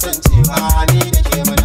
kasance ba ni da ke